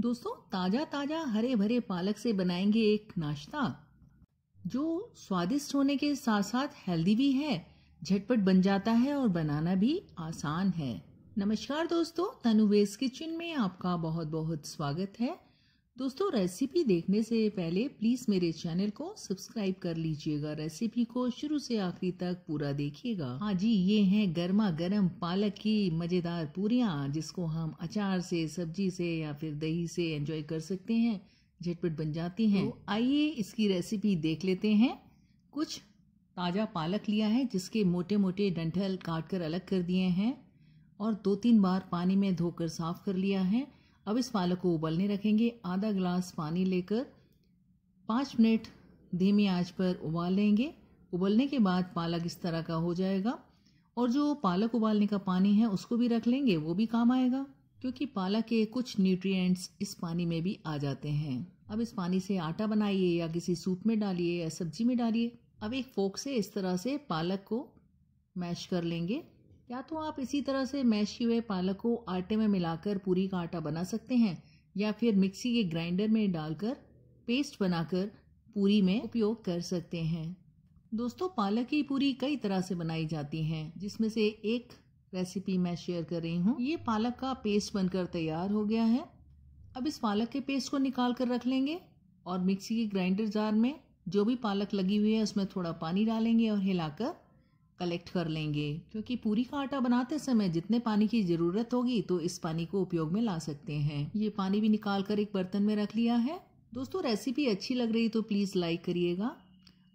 दोस्तों ताजा ताजा हरे भरे पालक से बनाएंगे एक नाश्ता जो स्वादिष्ट होने के साथ साथ हेल्दी भी है झटपट बन जाता है और बनाना भी आसान है नमस्कार दोस्तों तनुवेज किचन में आपका बहुत बहुत स्वागत है दोस्तों रेसिपी देखने से पहले प्लीज़ मेरे चैनल को सब्सक्राइब कर लीजिएगा रेसिपी को शुरू से आखिरी तक पूरा देखिएगा हाँ जी ये हैं गर्मा गर्म पालक की मज़ेदार पूरियाँ जिसको हम अचार से सब्जी से या फिर दही से एंजॉय कर सकते हैं झटपट बन जाती हैं तो आइए इसकी रेसिपी देख लेते हैं कुछ ताज़ा पालक लिया है जिसके मोटे मोटे डंठल काट कर अलग कर दिए हैं और दो तीन बार पानी में धोकर साफ़ कर लिया है अब इस पालक को उबलने रखेंगे आधा ग्लास पानी लेकर पाँच मिनट धीमी आंच पर उबाल लेंगे उबलने के बाद पालक इस तरह का हो जाएगा और जो पालक उबालने का पानी है उसको भी रख लेंगे वो भी काम आएगा क्योंकि पालक के कुछ न्यूट्रिएंट्स इस पानी में भी आ जाते हैं अब इस पानी से आटा बनाइए या किसी सूप में डालिए या सब्जी में डालिए अब एक फोक से इस तरह से पालक को मैश कर लेंगे या तो आप इसी तरह से मैशे हुए पालक को आटे में मिलाकर पूरी का आटा बना सकते हैं या फिर मिक्सी के ग्राइंडर में डालकर पेस्ट बनाकर पूरी में उपयोग कर सकते हैं दोस्तों पालक की पूरी कई तरह से बनाई जाती हैं जिसमें से एक रेसिपी मैं शेयर कर रही हूँ ये पालक का पेस्ट बनकर तैयार हो गया है अब इस पालक के पेस्ट को निकाल कर रख लेंगे और मिक्सी के ग्राइंडर जार में जो भी पालक लगी हुई है उसमें थोड़ा पानी डालेंगे और हिलाकर कलेक्ट कर लेंगे क्योंकि पूरी का आटा बनाते समय जितने पानी की ज़रूरत होगी तो इस पानी को उपयोग में ला सकते हैं ये पानी भी निकाल कर एक बर्तन में रख लिया है दोस्तों रेसिपी अच्छी लग रही तो प्लीज़ लाइक करिएगा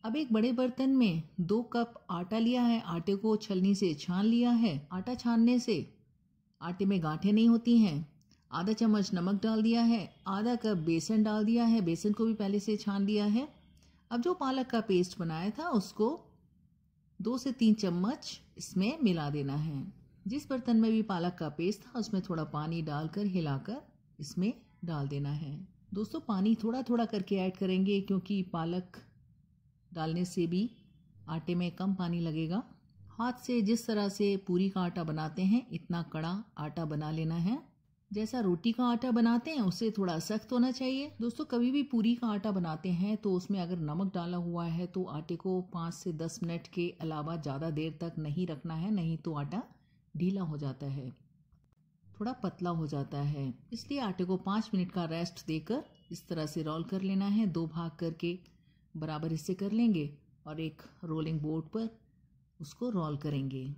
अब एक बड़े बर्तन में दो कप आटा लिया है आटे को छलनी से छान लिया है आटा छानने से आटे में गांठे नहीं होती हैं आधा चम्मच नमक डाल दिया है आधा कप बेसन डाल दिया है बेसन को भी पहले से छान लिया है अब जो पालक का पेस्ट बनाया था उसको दो से तीन चम्मच इसमें मिला देना है जिस बर्तन में भी पालक का पेस्ट था उसमें थोड़ा पानी डालकर हिलाकर इसमें डाल देना है दोस्तों पानी थोड़ा थोड़ा करके ऐड करेंगे क्योंकि पालक डालने से भी आटे में कम पानी लगेगा हाथ से जिस तरह से पूरी का आटा बनाते हैं इतना कड़ा आटा बना लेना है जैसा रोटी का आटा बनाते हैं उससे थोड़ा सख्त होना चाहिए दोस्तों कभी भी पूरी का आटा बनाते हैं तो उसमें अगर नमक डाला हुआ है तो आटे को पाँच से दस मिनट के अलावा ज़्यादा देर तक नहीं रखना है नहीं तो आटा ढीला हो जाता है थोड़ा पतला हो जाता है इसलिए आटे को पाँच मिनट का रेस्ट देकर इस तरह से रोल कर लेना है दो भाग करके बराबर हिस्से कर लेंगे और एक रोलिंग बोर्ड पर उसको रोल करेंगे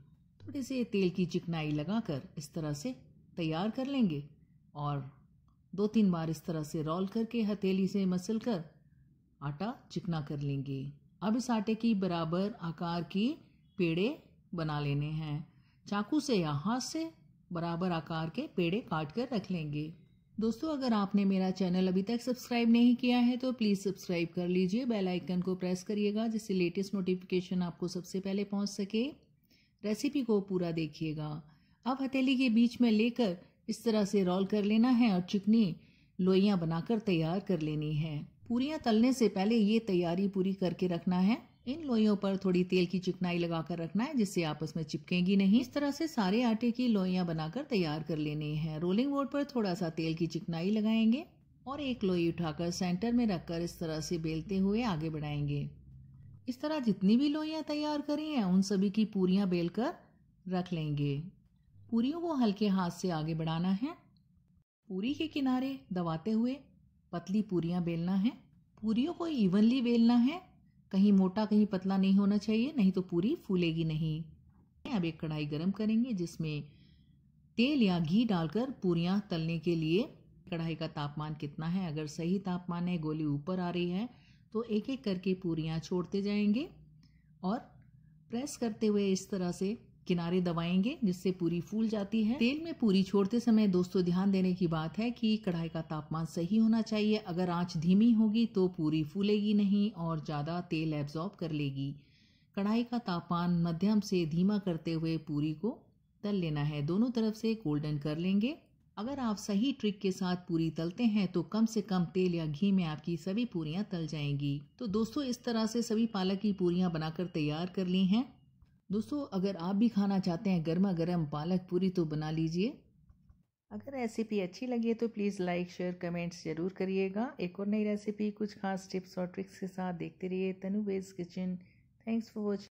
थोड़े से तेल की चिकनाई लगाकर इस तरह से तैयार कर लेंगे और दो तीन बार इस तरह से रोल करके हथेली से मसल कर आटा चिकना कर लेंगे अब इस आटे की बराबर आकार की पेड़े बना लेने हैं चाकू से या हाथ से बराबर आकार के पेड़े काट कर रख लेंगे दोस्तों अगर आपने मेरा चैनल अभी तक सब्सक्राइब नहीं किया है तो प्लीज़ सब्सक्राइब कर लीजिए बेल आइकन को प्रेस करिएगा जिससे लेटेस्ट नोटिफिकेशन आपको सबसे पहले पहुंच सके रेसिपी को पूरा देखिएगा अब हथेली के बीच में लेकर इस तरह से रोल कर लेना है और चिकनी लोइयाँ बनाकर तैयार कर लेनी है पूरियाँ तलने से पहले ये तैयारी पूरी करके रखना है इन लोइयों पर थोड़ी तेल की चिकनाई लगाकर रखना है जिससे आपस में चिपकेंगी नहीं इस तरह से सारे आटे की लोइयाँ बनाकर तैयार कर लेनी है रोलिंग बोर्ड पर थोड़ा सा तेल की चिकनाई लगाएंगे और एक लोई उठाकर सेंटर में रखकर इस तरह से बेलते हुए आगे बढ़ाएंगे इस तरह जितनी भी लोइयाँ तैयार करी हैं उन सभी की पूरियाँ बेलकर रख लेंगे पूरियों को हल्के हाथ से आगे बढ़ाना है पूरी के किनारे दबाते हुए पतली पूरियाँ बेलना है पूरियों को इवनली बेलना है कहीं मोटा कहीं पतला नहीं होना चाहिए नहीं तो पूरी फूलेगी नहीं अब एक कढ़ाई गरम करेंगे जिसमें तेल या घी डालकर पूरियाँ तलने के लिए कढ़ाई का तापमान कितना है अगर सही तापमान है गोली ऊपर आ रही है तो एक एक करके पूरियाँ छोड़ते जाएंगे और प्रेस करते हुए इस तरह से किनारे दबाएंगे जिससे पूरी फूल जाती है तेल में पूरी छोड़ते समय दोस्तों ध्यान देने की बात है कि कढ़ाई का तापमान सही होना चाहिए अगर आंच धीमी होगी तो पूरी फूलेगी नहीं और ज़्यादा तेल एब्जॉर्ब कर लेगी कढ़ाई का तापमान मध्यम से धीमा करते हुए पूरी को तल लेना है दोनों तरफ से गोल्डन कर लेंगे अगर आप सही ट्रिक के साथ पूरी तलते हैं तो कम से कम तेल या घी में आपकी सभी पूरियां तल जाएंगी तो दोस्तों इस तरह से सभी पालक की पूरियां बनाकर तैयार कर ली हैं दोस्तों अगर आप भी खाना चाहते हैं गर्मा गर्म पालक पूरी तो बना लीजिए अगर रेसिपी अच्छी लगी तो प्लीज़ लाइक शेयर कमेंट्स ज़रूर करिएगा एक और नई रेसिपी कुछ खास टिप्स और ट्रिक्स के साथ देखते रहिए तनु बेज किचन थैंक्स फॉर वॉचिंग